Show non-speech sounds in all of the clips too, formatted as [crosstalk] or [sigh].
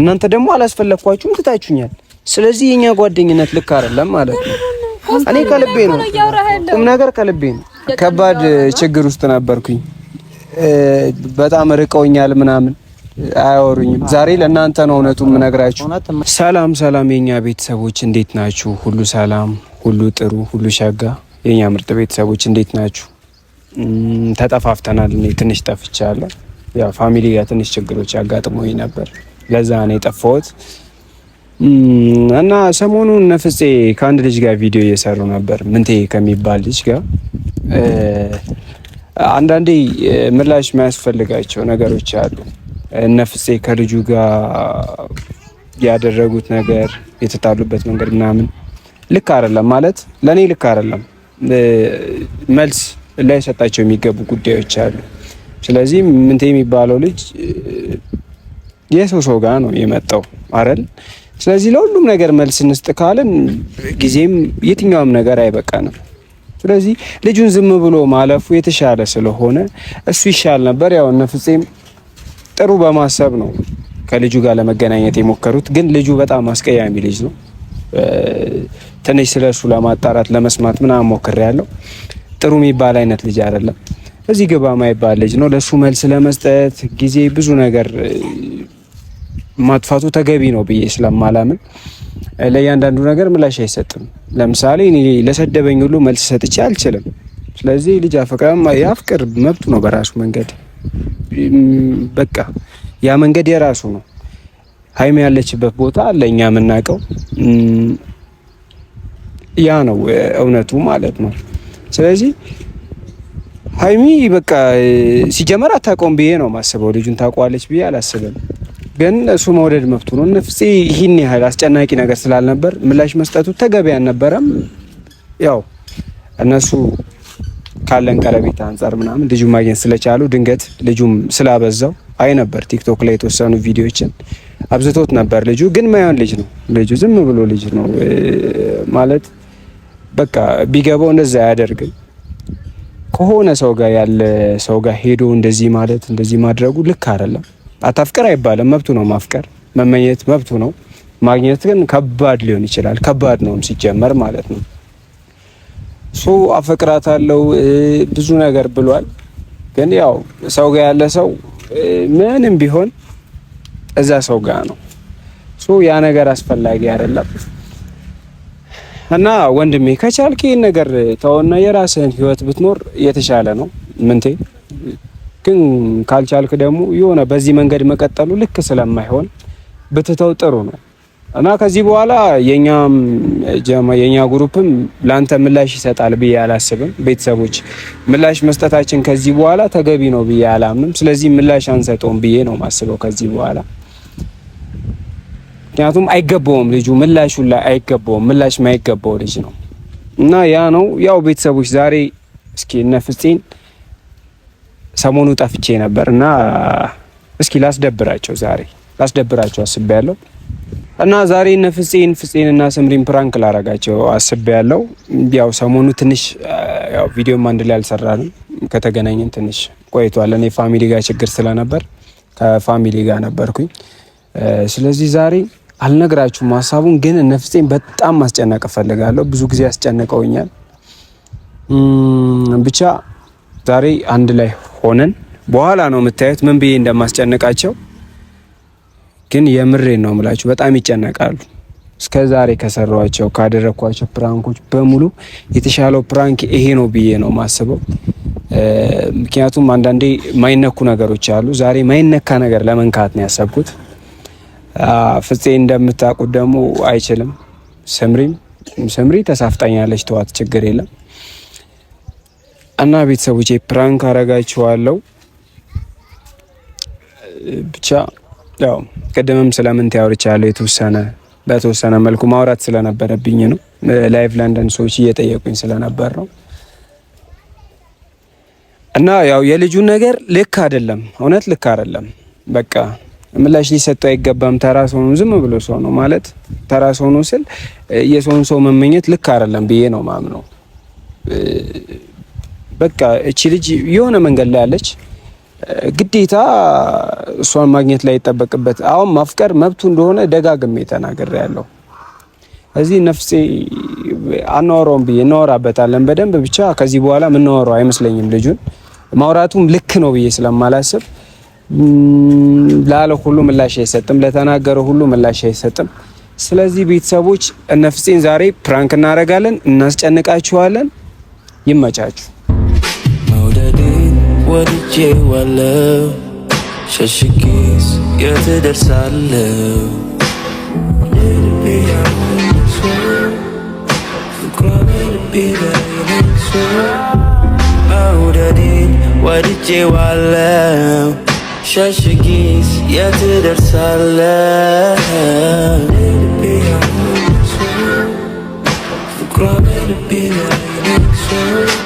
እናንተ ደግሞ አላስፈለግኳችሁም፣ ትታችሁኛል። ስለዚህ የኛ ጓደኝነት ልክ አይደለም ማለት ነው። እኔ ከልቤ ነው፣ ቁም ነገር ከልቤ ነው። ከባድ ችግር ውስጥ ነበርኩኝ። በጣም ርቀውኛል ምናምን አያወሩኝም። ዛሬ ለእናንተ ነው እውነቱ የምነግራችሁ። ሰላም ሰላም፣ የኛ ቤተሰቦች እንዴት ናችሁ? ሁሉ ሰላም፣ ሁሉ ጥሩ፣ ሁሉ ሸጋ። የኛ ምርጥ ቤተሰቦች እንዴት ናችሁ? ተጠፋፍተናል። እኔ ትንሽ ጠፍቻለሁ። ያው ፋሚሊ ጋር ትንሽ ችግሮች ያጋጥሞኝ ነበር። ለዛ ነው የጠፋሁት። እና ሰሞኑን ነፍፄ ከአንድ ልጅ ጋር ቪዲዮ እየሰሩ ነበር፣ ምንቴ ከሚባል ልጅ ጋር። አንዳንዴ ምላሽ የማያስፈልጋቸው ነገሮች አሉ። ነፍፄ ከልጁ ጋር ያደረጉት ነገር የተጣሉበት መንገድ ምናምን ልክ አይደለም ማለት ለእኔ ልክ አይደለም። መልስ ላይሰጣቸው የሚገቡ ጉዳዮች አሉ። ስለዚህ ምንቴ የሚባለው ልጅ የሰው ሰው ጋር ነው የመጣው አረል ስለዚህ ለሁሉም ነገር መልስ እንስጥ ካልን ጊዜም የትኛውም ነገር አይበቃንም። ስለዚህ ልጁን ዝም ብሎ ማለፉ የተሻለ ስለሆነ እሱ ይሻል ነበር። ያው እነ ፍጼም ጥሩ በማሰብ ነው ከልጁ ጋር ለመገናኘት የሞከሩት። ግን ልጁ በጣም አስቀያሚ ልጅ ነው። ትንሽ ስለ እሱ ለማጣራት ለመስማት ምናምን ሞክሬ ያለው ጥሩ የሚባል አይነት ልጅ አይደለም። እዚህ ግባ ማይባል ልጅ ነው። ለእሱ መልስ ለመስጠት ጊዜ ብዙ ነገር ማጥፋቱ ተገቢ ነው ብዬ ስለማላምን ለእያንዳንዱ ነገር ምላሽ አይሰጥም። ለምሳሌ እኔ ለሰደበኝ ሁሉ መልስ ሰጥቼ አልችልም። ስለዚህ ልጅ አፈቅራም ያፍቅር መብቱ ነው በራሱ መንገድ። በቃ ያ መንገድ የራሱ ነው። ሀይሚ ያለችበት ቦታ ለእኛ የምናውቀው ያ ነው እውነቱ ማለት ነው። ስለዚህ ሀይሚ በቃ ሲጀመር አታውቀውም ብዬ ነው ማስበው። ልጁን ታውቀዋለች ብዬ አላስብም። ግን እሱ መውደድ መብቱ ነው። ነፍሴ ይህን ያህል አስጨናቂ ነገር ስላልነበር ምላሽ መስጠቱ ተገቢ አልነበረም። ያው እነሱ ካለን ቀረቤት አንጻር ምናምን ልጁ ማግኘት ስለቻሉ ድንገት ልጁም ስላበዛው አይ ነበር ቲክቶክ ላይ የተወሰኑ ቪዲዮችን አብዝቶት ነበር። ልጁ ግን ማየን ልጅ ነው። ልጁ ዝም ብሎ ልጅ ነው ማለት በቃ ቢገባው እንደዛ አያደርግም። ከሆነ ሰው ጋር ያለ ሰው ጋር ሄዶ እንደዚህ ማለት እንደዚህ ማድረጉ ልክ አይደለም። አታፍቅር አይባልም። መብቱ ነው ማፍቀር፣ መመኘት መብቱ ነው። ማግኘት ግን ከባድ ሊሆን ይችላል። ከባድ ነው ሲጀመር ማለት ነው። ሶ አፈቅራት አለው ብዙ ነገር ብሏል። ግን ያው ሰው ጋር ያለ ሰው ምንም ቢሆን እዛ ሰው ጋር ነው። ሱ ያ ነገር አስፈላጊ አይደለም። እና ወንድሜ ከቻልክ ይህን ነገር ተውና የራስህን ህይወት ብትኖር የተሻለ ነው ምንቴ ግን ካልቻልክ ደግሞ የሆነ በዚህ መንገድ መቀጠሉ ልክ ስለማይሆን ብትተው ጥሩ ነው እና ከዚህ በኋላ የኛም የኛ ግሩፕም ላንተ ምላሽ ይሰጣል ብዬ አላስብም። ቤተሰቦች ምላሽ መስጠታችን ከዚህ በኋላ ተገቢ ነው ብዬ አላምንም። ስለዚህ ምላሽ አንሰጠውም ብዬ ነው ማስበው ከዚህ በኋላ ምክንያቱም አይገባውም። ልጁ ምላሹ ላይ አይገባውም። ምላሽ ማይገባው ልጅ ነው እና ያ ነው ያው ቤተሰቦች ዛሬ እስኪ እነ ሰሞኑ ጠፍቼ ነበር እና እስኪ ላስደብራቸው ዛሬ ላስደብራቸው ያለው እና ዛሬ እነ ፍፄን ፍፄን እና ስምሪን ፕራንክ ላረጋቸው ያለው ያው ሰሞኑ ትንሽ ያው ቪዲዮም አንድ ላይ አልሰራንም፣ ከተገናኘን ትንሽ ቆይቷል። እኔ ፋሚሊ ጋር ችግር ስለነበር ከፋሚሊ ጋር ነበርኩኝ። ስለዚህ ዛሬ አልነግራችሁም ሀሳቡን፣ ግን እነ በጣም ማስጨነቅ እፈልጋለሁ። ብዙ ጊዜ ያስጨንቀውኛል። ብቻ ዛሬ አንድ ላይ ሆነን በኋላ ነው የምታዩት ምን ብዬ እንደማስጨንቃቸው። ግን የምሬን ነው የምላችሁ፣ በጣም ይጨነቃሉ። እስከ ዛሬ ከሰሯቸው ካደረግኳቸው ፕራንኮች በሙሉ የተሻለው ፕራንክ ይሄ ነው ብዬ ነው ማስበው። ምክንያቱም አንዳንዴ ማይነኩ ነገሮች አሉ። ዛሬ ማይነካ ነገር ለመንካት ነው ያሰብኩት። ፍፄ እንደምታውቁት ደግሞ አይችልም። ስምሪም ስምሪ ተሳፍጣኛለች። ተዋት፣ ችግር የለም እና ቤተሰቦቼ ፕራንክ አረጋችኋለሁ። ብቻ ያው ቅድምም ስለምን ያወርቻለሁ የተወሰነ በተወሰነ መልኩ ማውራት ስለነበረብኝ ነው። ላይቭ ለንደን ሰዎች እየጠየቁኝ ስለነበር ነው። እና ያው የልጁን ነገር ልክ አይደለም፣ እውነት ልክ አይደለም። በቃ ምላሽ ሊሰጠው አይገባም። ተራ ሰው ነው፣ ዝም ብሎ ሰው ነው ማለት ተራ ሰው ነው ስል የሰውን ሰው መመኘት ልክ አይደለም ብዬ ነው ማምነው። በቃ እቺ ልጅ የሆነ መንገድ ላይ ያለች ግዴታ እሷን ማግኘት ላይ ይጠበቅበት። አሁን ማፍቀር መብቱ እንደሆነ ደጋግሜ ተናግሬ ያለው እዚህ ነፍሴ አናወራውም ብዬ እናወራበታለን በደንብ ብቻ ከዚህ በኋላ የምናወራው አይመስለኝም። ልጁን ማውራቱም ልክ ነው ብዬ ስለማላስብ ላለ ሁሉ ምላሽ አይሰጥም፣ ለተናገረ ሁሉ ምላሽ አይሰጥም። ስለዚህ ቤተሰቦች ነፍሴን ዛሬ ፕራንክ እናደርጋለን፣ እናስጨንቃችኋለን። ይመቻችሁ። told her deep what did you want love Should she kiss you to the side love Need to be out in this world Forgotten to be there in this world Told what did you want love Should she kiss you to the side love Need to be out in this world Forgotten to be there in this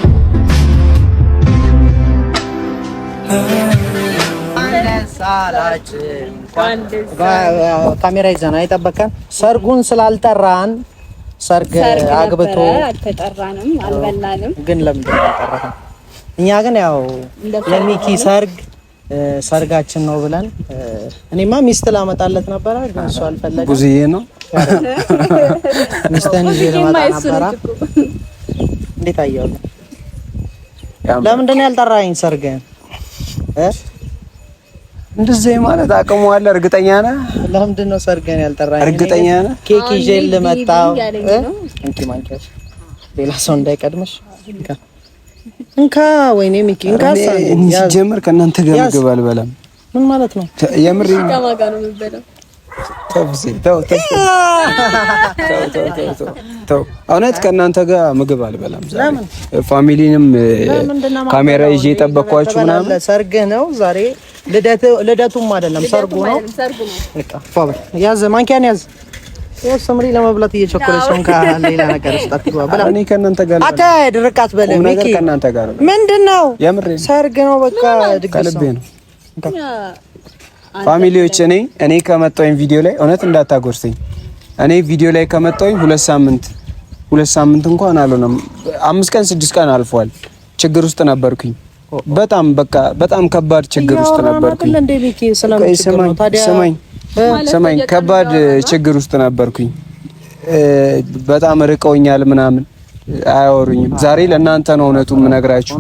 ካሜራ ይዘን አይጠበቀን። ሰርጉን ስላልጠራን ሰርግ አግብቶ አልተጠራንም፣ አልበላንም። ግን ለምንድን ነው ያልጠራን? እኛ ግን ያው የሚኪ ሰርግ ሰርጋችን ነው ብለን እኔማ ሚስት ላመጣለት ነበረ፣ ግን እሱ አልፈለገም። ጉዝዬ ነው [laughs] ሚስትህን ይዤ ልመጣ ነበረ። እንዴት አየሁ። ለምንድን ነው ያልጠራኸኝ እ እንደዚህ ማለት አቅሙ አለ። እርግጠኛ ነህ? ለምንድን ነው ሰርገን ያልጠራኝ? እርግጠኛ ነህ? ኬክ ይዤ ልመጣው። እንኪ ማንኪያሽ፣ ሌላ ሰው እንዳይቀድምሽ። እንካ፣ ወይኔ ሚኪ፣ እንካ። ሲጀምር ከእናንተ ጋር ምግብ አልበላም። ምን ማለት ነው? የምር ከማን ጋር ነው የሚበላው? እውነት ከእናንተ ጋር ምግብ አልበላም። ፋሚሊንም ካሜራ ይዤ የጠበኳችሁ ምናምን ሰርግ ነው ዛሬ። ልደቱም አይደለም ሰርጉ ነው። ያዘ ማንኪያን ያዘ። ሰምሪ ለመብላት እየቸኮለች ነው። ከሌላ ነገር ውስጥ አትገባ ብላ እኔ ከእናንተ ጋር አትሄድ፣ ርቀት በለ ምንድን ነው የምሬ ሰርግ ነው። በቃ ድግስ ነው። ፋሚሊዎች እኔ እኔ ከመጣሁኝ ቪዲዮ ላይ እውነት እንዳታጎርሰኝ። እኔ ቪዲዮ ላይ ከመጣሁኝ ሁለት ሳምንት ሁለት ሳምንት እንኳን አልሆነም፣ አምስት ቀን ስድስት ቀን አልፏል። ችግር ውስጥ ነበርኩኝ። በጣም በቃ በጣም ከባድ ችግር ውስጥ ነበርኩኝ። ስማኝ ስማኝ፣ ከባድ ችግር ውስጥ ነበርኩኝ። በጣም ርቀውኛል ምናምን አያወሩኝም። ዛሬ ለእናንተ ነው እውነቱ የምነግራችሁ።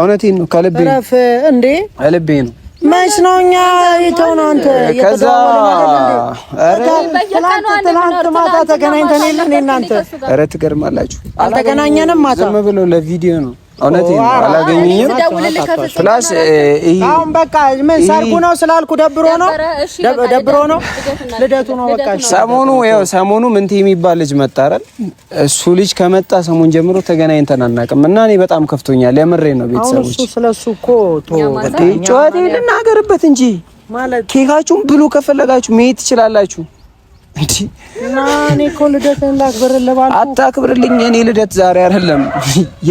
እውነቴን ነው ከልቤ ነው። መች ነው እኛ የተው ነው አንተ ትናንት ማታ ተገናኝተን የለን እናንተ ኧረ ትገርማላችሁ አልተገናኘንም ማታ ዝም ብሎ ለቪዲዮ ነው እውነት አላገኘኝም። ፕላስ አሁን በቃ ምን ሰርጉ ነው ስላልኩ ደብሮ ነው ደብሮ ነው ልደቱ ነው በቃ ሰሞኑ ያው ሰሞኑ ምንቴ የሚባል ልጅ መጣ አይደል? እሱ ልጅ ከመጣ ሰሞን ጀምሮ ተገናኝተን አናውቅም እና እኔ በጣም ከፍቶኛል። የምሬ ነው። ቤተሰቦች ስለሱ እኮ ጨዋታ ልናገርበት እንጂ ኬካችሁን ብሉ ከፈለጋችሁ መሄድ ትችላላችሁ። አታክብርልኝ። እኔ ልደት ዛሬ አይደለም።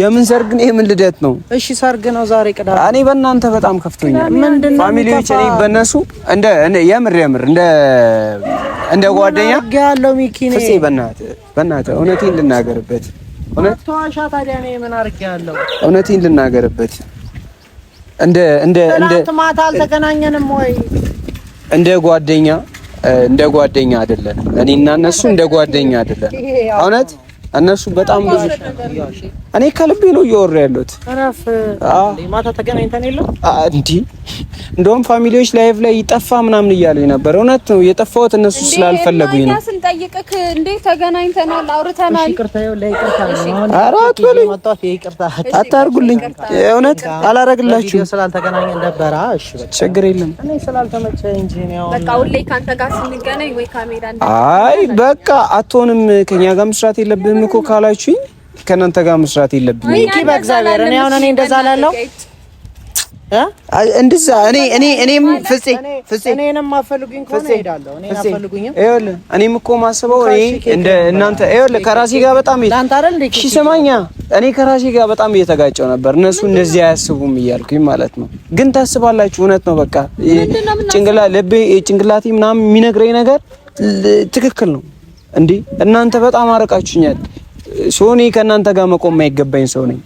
የምን ሰርግ ነው? የምን ልደት ነው? እሺ ሰርግ ነው ዛሬ ቅዳሜ። እኔ በእናንተ በጣም ከፍቶኛል። ፋሚሊዎች፣ እኔ በእነሱ እንደ የምር የምር እንደ እንደ ጓደኛ ያለው ሚኪ ፍፄ በእናትህ በእናትህ እውነቴን ልናገርበት፣ እውነቴን ልናገርበት እንደ እንደ እንደ ማታ አልተገናኘንም ወይ እንደ ጓደኛ እንደ ጓደኛ አይደለንም። እኔና እነሱ እንደ ጓደኛ አይደለም እውነት እነሱ በጣም ብዙ እኔ ከልቤ ነው እያወራ ያለሁት። ማታ እንደውም ፋሚሊዎች ላይቭ ላይ ይጠፋ ምናምን እያሉኝ ነበር። እውነት ነው የጠፋሁት እነሱ ስላልፈለጉኝ ነው። ልጠይቅህ እንዴ ተገናኝተናል፣ አውርተናል። አታርጉልኝ። አላረግላችሁ ስላልተገናኘን ነበረ። ችግር የለም ጋር አይ በቃ አትሆንም። ከኛ ጋር መስራት የለብህም እኮ ካላችሁኝ ከእናንተ ጋር መስራት የለብኝም። በእግዚአብሔር እኔ አሁን እኔ እንደዛ ላለው እንደዚያ እኔ እኔ እኔም ፍፄ ፍፄ እኔንም አፈልጉኝ ከሆነ እሄዳለሁ። እኔን አፈልጉኝም። ይኸውልህ እኔም እኮ ማስበው እኔ እንደ እናንተ ይኸውልህ ከራሴ ጋር በጣም እሺ፣ ስማኛ እኔ ከራሴ ጋር በጣም እየተጋጨው ነበር። እነሱ እንደዚህ አያስቡም እያልኩኝ ማለት ነው። ግን ታስባላችሁ። እውነት ነው። በቃ ጭንቅላ ልቤ ጭንቅላቴ ምናምን የሚነግረኝ ነገር ትክክል ነው። እንዲህ እናንተ በጣም አርቃችሁኛል። ሶኔ ከእናንተ ጋር መቆም አይገባኝ ሰው ነኝ።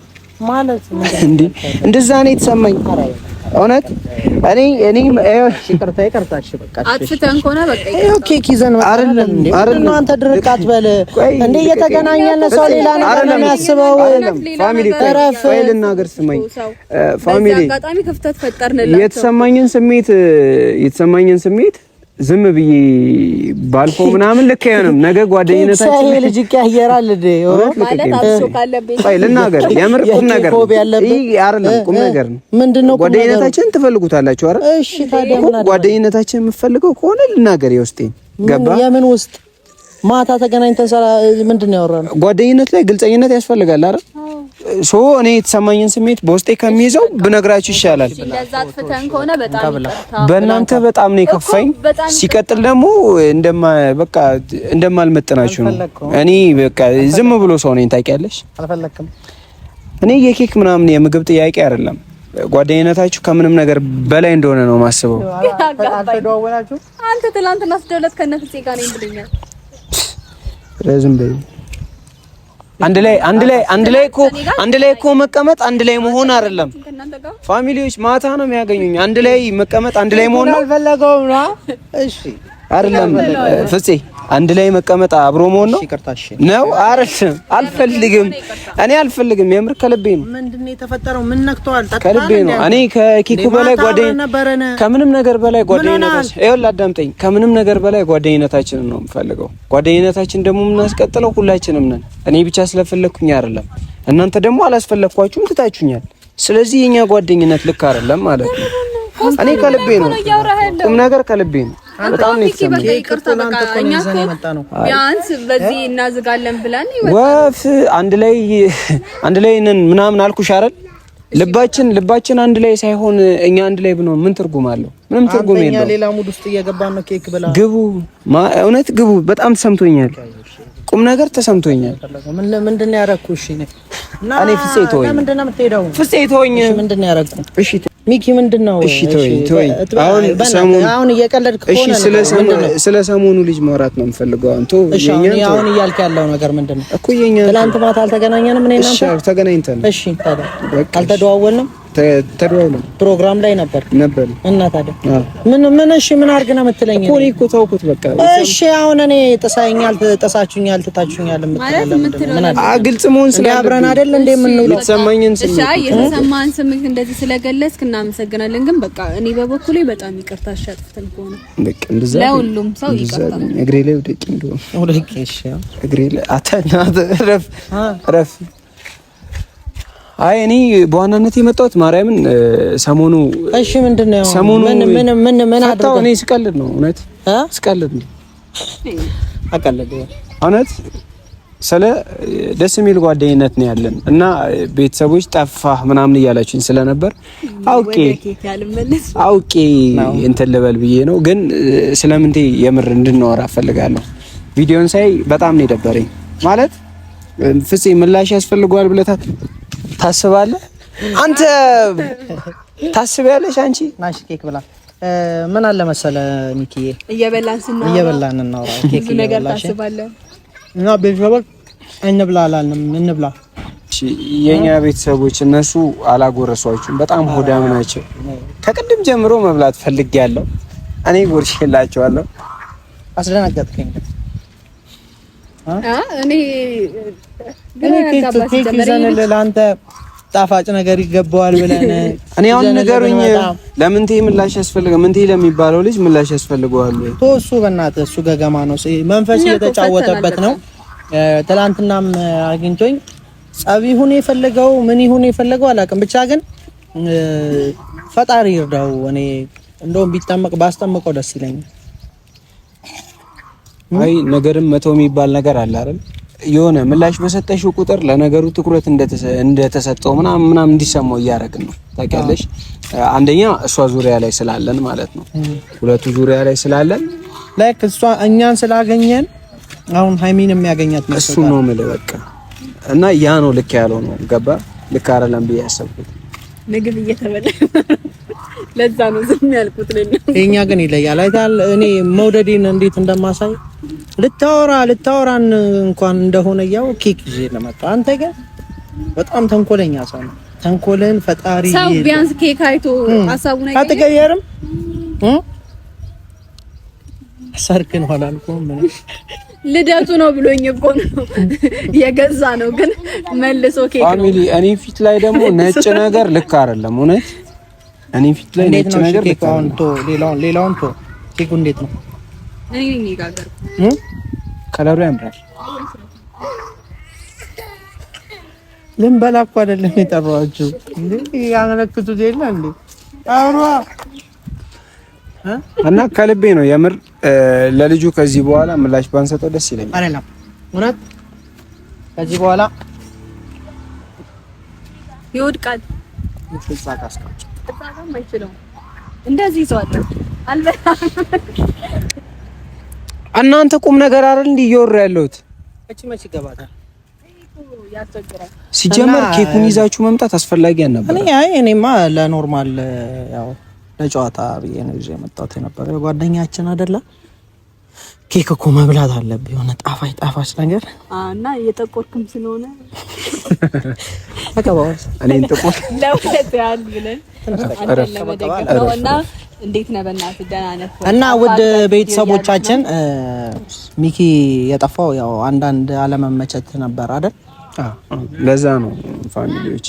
ማለት እንዴ? እንደዛ ነው የተሰማኝ። እውነት እኔ እኔ ይቅርታ ይቅርታ። እሺ በቃ አጥፍተን ከሆነ በቃ ይሄ ኬክ ይዘን አይደለም አይደለም። አንተ እንዴ እየተገናኘን ሰው ሌላ ነው የሚያስበው። ፋሚሊ ልናገር ስማኝ፣ ፋሚሊ አጋጣሚ ክፍተት የተሰማኝን ስሜት የተሰማኝን ስሜት ዝም ብዬ ባልፎ ምናምን ልክ አይሆንም። ነገ ጓደኝነታችን ልጅ ይቀያየራል። ልናገር የምር ቁም ነገር ቁም ነገር ነው። ጓደኝነታችን ትፈልጉታላችሁ አረ እሺ ታዲያ ጓደኝነታችን የምፈልገው ከሆነ ልናገር የውስጤን ገባ። የምን ውስጥ ማታ ተገናኝተን ምንድን ነው ያወራነው? ጓደኝነት ላይ ግልጸኝነት ያስፈልጋል አይደል? ሶ እኔ የተሰማኝን ስሜት በውስጤ ከሚይዘው ብነግራችሁ ይሻላል። በእናንተ በጣም ነው የከፋኝ። ሲቀጥል ደግሞ በቃ እንደማልመጥናችሁ ነው። እኔ በቃ ዝም ብሎ ሰው ነኝ ታውቂያለሽ። እኔ የኬክ ምናምን የምግብ ጥያቄ አይደለም። ጓደኝነታችሁ ከምንም ነገር በላይ እንደሆነ ነው ማስበው። አንተ ትላንትና ስደውለት ከነፍሴ ጋር ነኝ ብለኛል። አንድ ላይ አንድ ላይ አንድ ላይ እኮ አንድ ላይ እኮ መቀመጥ አንድ ላይ መሆን አይደለም። ፋሚሊዎች ማታ ነው የሚያገኙኝ። አንድ ላይ መቀመጥ አንድ ላይ መሆን ነው አልፈለገውም ነው። እሺ አይደለም ፍፄ አንድ ላይ መቀመጥ አብሮ መሆን ነው ነው። አረሽም አልፈልግም፣ እኔ አልፈልግም። የምር ከልቤ ነው። ምንድነው የተፈጠረው? ምን ነክቷል? ከልቤ ነው። እኔ ከኪኩ በላይ ጓደኝ፣ ከምንም ነገር በላይ ጓደኝነታችን፣ ይኸውልህ አዳምጠኝ፣ ከምንም ነገር በላይ ጓደኝነታችንን ነው የምፈልገው። ጓደኝነታችን ደግሞ የምናስቀጥለው ሁላችንም ነን። እኔ ብቻ ስለፈለግኩኝ አይደለም፣ እናንተ ደግሞ አላስፈለግኳችሁም፣ ትታችሁኛል። ስለዚህ የኛ ጓደኝነት ልክ አይደለም ማለት ነው። እኔ ከልቤ ነው ቁም ነገር ከልቤ ነው። በጣም ነው የተሰማኝ። ቢያንስ በዚህ እናዝጋለን ብለን ወፍ አንድ ላይ [laughs] አንድ ላይ ነን ምናምን አልኩሽ አይደል? ልባችን ልባችን አንድ ላይ ሳይሆን እኛ አንድ ላይ ብንሆን ምን ትርጉም አለው? ምንም ትርጉም የለውም። ሌላ ሙድ ውስጥ እየገባን ነው። ኬክ ብላ ግቡ፣ እውነት ግቡ። በጣም ተሰምቶኛል፣ ቁም ነገር ተሰምቶኛል። ምንድን ነው ያደረኩሽ? እኔ ፍፄ ተወኝ፣ ምንድን ነው የምትሄደው? ፍፄ ተወኝ፣ ምንድን ነው ያደረኩ? እሺ ሚኪ ምንድን ነው? እሺ ተወኝ ተወኝ። አሁን ሰሞኑ አሁን እየቀለድክ እሺ፣ ስለ ሰሞኑ ልጅ ማውራት ነው የምፈልገው። አሁን እሺ አሁን እያልክ ያለው ነገር ምንድን ነው እኮ? የኛ ትናንት ማታ አልተገናኘንም። እኔ እናንተ ተገናኝተን፣ እሺ ታዲያ አልተደዋወልንም ፕሮግራም ላይ ነበር ነበር እና ታዲያ ምን ምን እሺ ምን አድርግ ነው የምትለኝ? እኮ እኔ እኮ ተውኩት በቃ። እሺ አሁን እኔ ጥሳኛል፣ ጥሳችሁኛል፣ ትታችሁኛል የምትለኝ ግልጽ መሆን ስለ አብረን አይደል እንደ ምን ነው የተሰማኝን ስሜት እሺ፣ የተሰማን ስሜት እንደዚህ ስለገለጽክ እናመሰግናለን። ግን በቃ እኔ በበኩሌ በጣም ይቅርታ አሻጥፍተን ከሆነ በቃ ለሁሉም ሰው ይቅርታ። እግሬ ላይ ወደቂ እንደሆነ ወደቂ እሺ፣ እግሬ ላይ አተና ረፍ ረፍ አይ እኔ በዋናነት የመጣሁት ማርያምን ሰሞኑ እሺ፣ ምንድን ነው ሰሞኑ ምን ምን ምን ምን አድርገው እኔ ስቀልድ ነው እውነት ስቀልድ ነው አቀልድ እውነት ስለ ደስ የሚል ጓደኝነት ነው ያለን እና ቤተሰቦች ጠፋህ ምናምን እያላችሁኝ ስለነበር አውቄ አውቄ እንትን ልበል ብዬ ነው። ግን ስለምንቴ የምር እንድንወራ እፈልጋለሁ። ቪዲዮን ሳይ በጣም ነው የደበረኝ። ማለት ፍፄ ምላሽ ያስፈልገዋል ብለታት ታስባለህ አንተ ታስቢያለሽ አንቺ ናሽ ኬክ ብላ ምን አለ መሰለ ሚኪዬ፣ እየበላን ስናወራ እየበላን ኬክ ነገር ታስባለህ እና ቤተሰቦች እንብላ አላልንም እንብላ። የኛ ቤተሰቦች እነሱ አላጎረሷችሁም። በጣም ሆዳም ናቸው። ከቅድም ጀምሮ መብላት ፈልጌያለሁ። እኔ ጎርሼላቸዋለሁ። አስደነገጥከኝ። እኔ ለአንተ ጣፋጭ ነገር ይገባዋል ብለን እኔ አሁን ንገሩኝ። ለምንቴ ምላሽ ያስፈልገ ምንቴ ለሚባለው ልጅ ምላሽ ያስፈልገዋል። እሱ በእናትህ እሱ ገገማ ነው፣ መንፈስ እየተጫወተበት ነው። ትላንትናም አግኝቶኝ ጸብ ይሁን የፈለገው ምን ይሁን የፈለገው አላውቅም፣ ብቻ ግን ፈጣሪ ይርዳው። እኔ እንደውም ቢጠመቅ ባስጠምቀው ደስ ይለኛል። አይ ነገርም መተው የሚባል ነገር አለ አይደል? የሆነ ምላሽ በሰጠሽው ቁጥር ለነገሩ ትኩረት እንደተሰጠው ምናምን ምናምን እንዲሰማው እያደረግን ነው። ታውቂያለሽ፣ አንደኛ እሷ ዙሪያ ላይ ስላለን ማለት ነው። ሁለቱ ዙሪያ ላይ ስላለን ላይክ እሷ እኛን ስላገኘን አሁን ሃይሚን የሚያገኛት ነው እሱ ነው የምልህ በቃ። እና ያ ነው ልክ ያለው ነው ገባ። ልክ አይደለም ብዬ ያሰብኩት ምግብ እየተበላ ለዛ ነው ዝም ያልኩት። ለኛ ግን ይለያል። አይታል። እኔ መውደዴን እንዴት እንደማሳይ ልታወራ ልታወራን እንኳን እንደሆነ ያው ኬክ ይዤ ለመጣ። አንተ ግን በጣም ተንኮለኛ ሰው ነው። ተንኮልን ፈጣሪ ሰው ቢያንስ ኬክ አይቶ ሀሳቡን አይቀየርም። አትቀየርም። ሰርክን ሆነ አልኩህም። ልደቱ ነው ብሎኝ እኮ ነው የገዛ ነው፣ ግን መልሶ ኬክ ፋሚሊ። እኔ ፊት ላይ ደግሞ [laughs] ነጭ ነገር ልክ አይደለም። እውነት እኔ ፊት ላይ ነጭ ነገር ልክ አይደለም። ሌላውን ሌላውን ኬኩ እንዴት ነው? ከለሩ ያምራል። ልንበላ እኮ አይደለም የጠራኋቸው። እንዴ ያመለክቱት የለ እንዴ አውሯ እና ከልቤ ነው የምር። ለልጁ ከዚህ በኋላ ምላሽ ባንሰጠው ደስ ይለኛል። አይደለም እውነት ከዚህ በኋላ ይወድቃል። እንደዚህ ሰው አለ አልበላም እናንተ ቁም ነገር አይደል እንዴ እያወራ ያለሁት? ሲጀመር ኬኩን ይዛችሁ መምጣት አስፈላጊ አልነበረ። እኔ አይ እኔማ ለኖርማል ያው ለጨዋታ ብዬ ነው ይዤ መጣሁት የነበረ ጓደኛችን አይደለ ኬክ እኮ መብላት አለብህ፣ የሆነ ጣፋጭ ጣፋጭ ነገር እና እየጠቆርክም ስለሆነ አቀባዋል። እኔን ጥቁር ለሁለት ያህል ብለን እና እንዴት ነህ? በእናትህ እና ውድ ቤተሰቦቻችን ሚኪ የጠፋው ያው አንዳንድ አለመመቸት ነበር አይደል? ለዛ ነው ፋሚሊዎች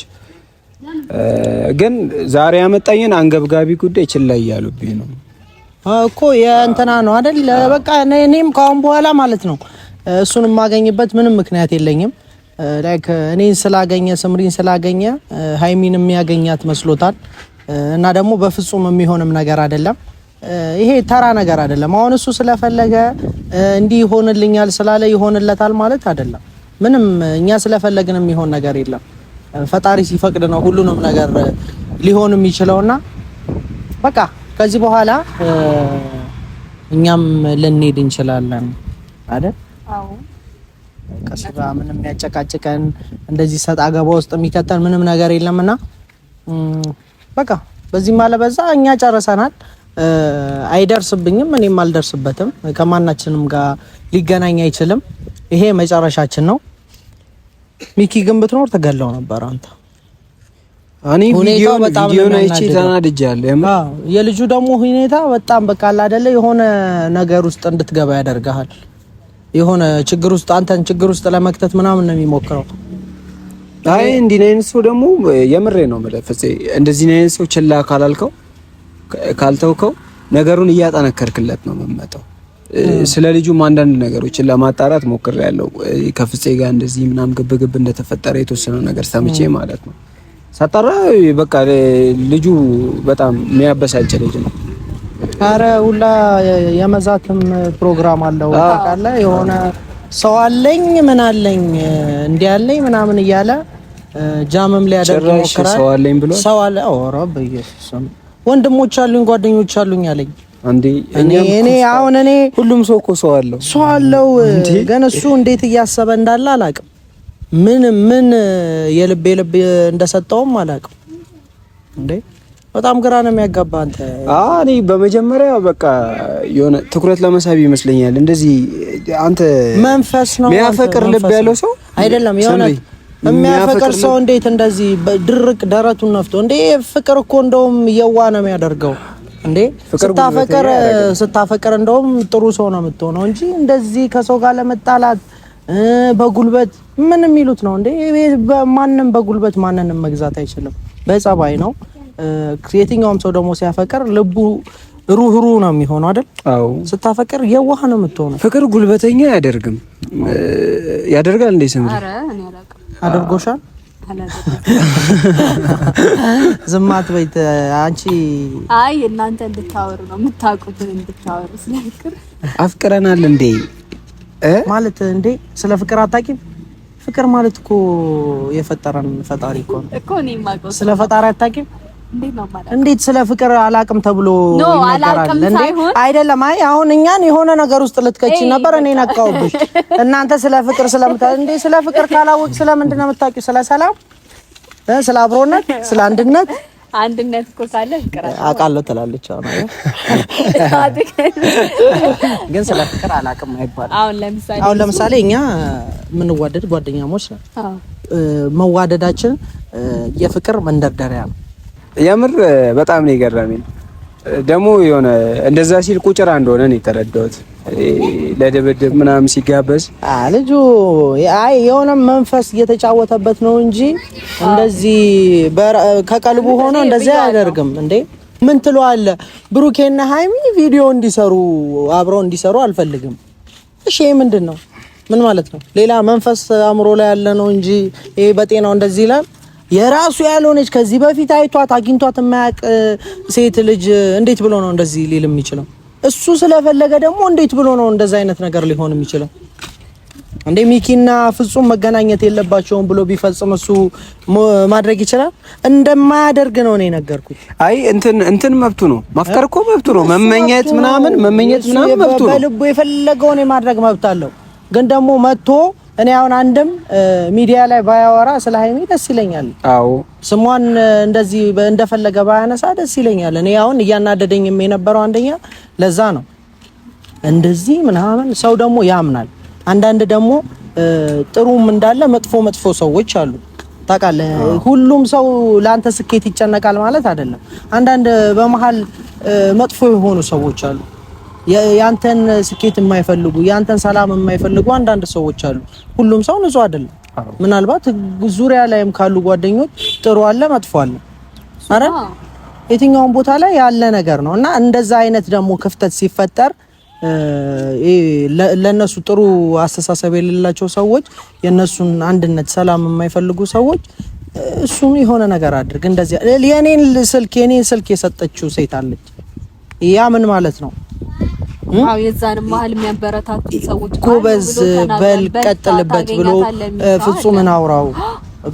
ግን ዛሬ ያመጣኝን አንገብጋቢ ጉዳይ ችላ እያሉብኝ ነው እኮ የእንትና ነው አይደል? በቃ እኔም ከአሁን በኋላ ማለት ነው እሱን የማገኝበት ምንም ምክንያት የለኝም። ላይክ እኔን ስላገኘ ስምሪን ስላገኘ ሀይሚን የሚያገኛት መስሎታል። እና ደግሞ በፍጹም የሚሆንም ነገር አይደለም። ይሄ ተራ ነገር አይደለም። አሁን እሱ ስለፈለገ እንዲህ ይሆንልኛል ስላለ ይሆንለታል ማለት አይደለም። ምንም እኛ ስለፈለግን የሚሆን ነገር የለም። ፈጣሪ ሲፈቅድ ነው ሁሉንም ነገር ሊሆን የሚችለውና በቃ ከዚህ በኋላ እኛም ልንሄድ እንችላለን አይደል? አዎ። ከስራ ምንም የሚያጨቃጭቀን እንደዚህ ሰጣ ገባ ውስጥ የሚከተን ምንም ነገር የለምና በቃ በዚህ ማለ በዛ እኛ ጨርሰናል። አይደርስብኝም፣ እኔም አልደርስበትም። ከማናችንም ጋር ሊገናኝ አይችልም። ይሄ መጨረሻችን ነው። ሚኪ ግን ብትኖር ትገለው ነበር አንተ እኔ ቪዲዮን ቪዲዮን የልጁ ደግሞ ሁኔታ በጣም በቃ አለ አይደለ የሆነ ነገር ውስጥ እንድትገባ ያደርግሃል። የሆነ ችግር ውስጥ አንተን ችግር ውስጥ ለመክተት ምናምን ነው የሚሞክረው። አይ እንዲህ አይነት ሰው ደግሞ የምሬ ነው ማለት እንደዚህ አይነት ሰው ችላ ካላልከው ካልተውከው ነገሩን እያጠነከርክለት ነው የምመጣው። ስለ ልጁም አንዳንድ ነገሮችን ለማጣራት ሞክሬያለሁ። ከፍፄ ጋር እንደዚህ ምናምን ግብግብ እንደተፈጠረ የተወሰነ ነገር ሰምቼ ማለት ነው ሳጣራ በቃ ልጁ በጣም የሚያበሳጭ ልጅ ነው። አረ ሁላ የመዛትም ፕሮግራም አለው ካለ የሆነ ሰው አለኝ ምን አለኝ እንዲህ አለኝ ምናምን እያለ ጃምም ሊያደርግ ሞከራል። ሰው አለኝ ብሎ ሰው አለ። ኧረ በኢየሱስ ወንድሞች አሉኝ ጓደኞች አሉኝ አለኝ። እኔ አሁን እኔ ሁሉም ሰው እኮ ሰው አለው ሰው አለው። ግን እሱ እንዴት እያሰበ እንዳለ አላውቅም። ምን ምን የልብ የልብ እንደሰጠውም አላውቅም። እንዴ በጣም ግራ ነው የሚያጋባ። አንተ እኔ በመጀመሪያ በቃ የሆነ ትኩረት ለመሳብ ይመስለኛል እንደዚህ። አንተ መንፈስ ነው የሚያፈቅር ልብ ያለው ሰው አይደለም። የሆነ የሚያፈቅር ሰው እንዴት እንደዚህ ድርቅ ደረቱን ነፍቶ እንዴ! ፍቅር እኮ እንደውም የዋ ነው የሚያደርገው እንዴ ስታፈቅር ስታፈቅር እንደውም ጥሩ ሰው ነው የምትሆነው እንጂ እንደዚህ ከሰው ጋር ለመጣላት በጉልበት ምን የሚሉት ነው እንዴ? ማንም በጉልበት ማንንም መግዛት አይችልም። በጸባይ ነው። የትኛውም ሰው ደግሞ ሲያፈቅር ልቡ ሩህሩ ነው የሚሆነው አይደል? አዎ። ስታፈቅር የዋህ ነው የምትሆነው። ፍቅር ጉልበተኛ አያደርግም። ያደርጋል እንዴ? ስም አድርጎሻል? ዝማት አትበይ አንቺ። አይ እናንተ እንድታወሩ ነው የምታውቁትን እንድታወሩ። ስለ ፍቅር አፍቅረናል እንዴ ማለት እንዴ? ስለ ፍቅር አታውቂም? ፍቅር ማለት እኮ የፈጠረን ፈጣሪ እኮ ነው እኮ። ነው። ስለ ፈጣሪ አታውቂም? እንዴት ስለ ፍቅር አላቅም ተብሎ ይነገራል? አይደለም። አይ አሁን እኛን የሆነ ነገር ውስጥ ልትከቺ ነበር፣ እኔ ነቃውብሽ። እናንተ ስለ ፍቅር ስለምታ እንዴ ስለ ፍቅር ካላወቅ ስለምንድን ነው የምታውቂው? ስለ ሰላም፣ ስለ አብሮነት፣ ስለ አንድነት አንድነት እኮ ካለ ፍቅር አውቃለሁ ትላለች። አሁን ግን ስለ ፍቅር አላውቅም አይባልም። አሁን ለምሳሌ አሁን ለምሳሌ እኛ የምንዋደድ ጓደኛሞች ነው። መዋደዳችን የፍቅር መንደርደሪያ ነው። የምር በጣም ነው የገረመኝ ደግሞ የሆነ እንደዛ ሲል ቁጭራ እንደሆነ ነው የተረዳሁት። ለድብድብ ምናምን ሲጋበዝ ልጁ አይ የሆነ መንፈስ እየተጫወተበት ነው እንጂ እንደዚህ ከቀልቡ ሆኖ እንደዚህ አያደርግም እንዴ። ምን ትለዋለህ? ብሩኬና ሀይሚ ቪዲዮ እንዲሰሩ አብረው እንዲሰሩ አልፈልግም። እሺ ምንድን ነው? ምን ማለት ነው? ሌላ መንፈስ አእምሮ ላይ ያለ ነው እንጂ ይሄ በጤናው እንደዚህ ይላል የራሱ ያልሆነች ከዚህ በፊት አይቷት አግኝቷት የማያውቅ ሴት ልጅ እንዴት ብሎ ነው እንደዚህ ሊል የሚችለው? እሱ ስለፈለገ ደግሞ እንዴት ብሎ ነው እንደዛ አይነት ነገር ሊሆን የሚችለው? እንዴ ሚኪና ፍጹም መገናኘት የለባቸውም ብሎ ቢፈጽም እሱ ማድረግ ይችላል። እንደማያደርግ ነው እኔ ነገርኩኝ። አይ እንትን እንትን መብቱ ነው፣ ማፍቀር እኮ መብቱ ነው። መመኘት ምናምን መመኘት ምናምን መብቱ ነው። በልቡ የፈለገውን የማድረግ መብት አለው። ግን ደግሞ መጥቶ እኔ አሁን አንድም ሚዲያ ላይ ባያወራ ስለ ሀይሚ ደስ ይለኛል። አዎ ስሟን እንደዚህ እንደፈለገ ባያነሳ ደስ ይለኛል። እኔ አሁን እያናደደኝም የነበረው አንደኛ ለዛ ነው። እንደዚህ ምናምን ሰው ደግሞ ያምናል። አንዳንድ ደግሞ ጥሩም እንዳለ መጥፎ መጥፎ ሰዎች አሉ። ታውቃለህ፣ ሁሉም ሰው ለአንተ ስኬት ይጨነቃል ማለት አይደለም። አንዳንድ በመሀል መጥፎ የሆኑ ሰዎች አሉ። ያንተን ስኬት የማይፈልጉ ያንተን ሰላም የማይፈልጉ አንዳንድ ሰዎች አሉ። ሁሉም ሰው ንጹህ አይደለም። ምናልባት ዙሪያ ላይም ካሉ ጓደኞች ጥሩ አለ፣ መጥፎ አለ። አረ የትኛውን ቦታ ላይ ያለ ነገር ነው እና እንደዛ አይነት ደግሞ ክፍተት ሲፈጠር ለነሱ ጥሩ አስተሳሰብ የሌላቸው ሰዎች የነሱን አንድነት፣ ሰላም የማይፈልጉ ሰዎች እሱም የሆነ ነገር አድርግ እንደዚህ የኔን ስልክ የኔን ስልክ የሰጠችው ሴት አለች። ያ ምን ማለት ነው? አዎ የዛን መሀል የሚያበረታቱ ሰዎች ጎበዝ በል ቀጥልበት ብሎ ፍጹምን አውራው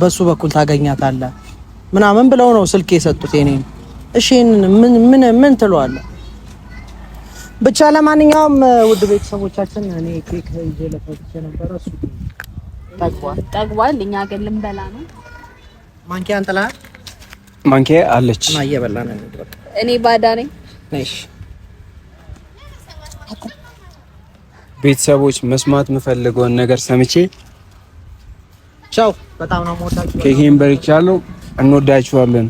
በሱ በኩል ታገኛታለህ ምናምን ብለው ነው ስልክ የሰጡት። የኔም እሺ ምን ምን ምን ትለዋለህ? ብቻ ለማንኛውም ውድ ቤተሰቦቻችን እኔ ኬክ ይዤ ለፈትቼ ነበረ። እሱ ጠግቧል ጠግቧል። እኛ ግን ልንበላ ነው። ማንኪያ አንጥላል። ማንኪያ አለች እና እየበላ ነው። እኔ ባዳ ነኝ። እሺ ቤተሰቦች መስማት የምፈልገውን ነገር ሰምቼ ቻው። በጣም ነው የምወዳችሁ። ኬኬን በርቻለሁ። እንወዳችኋለን።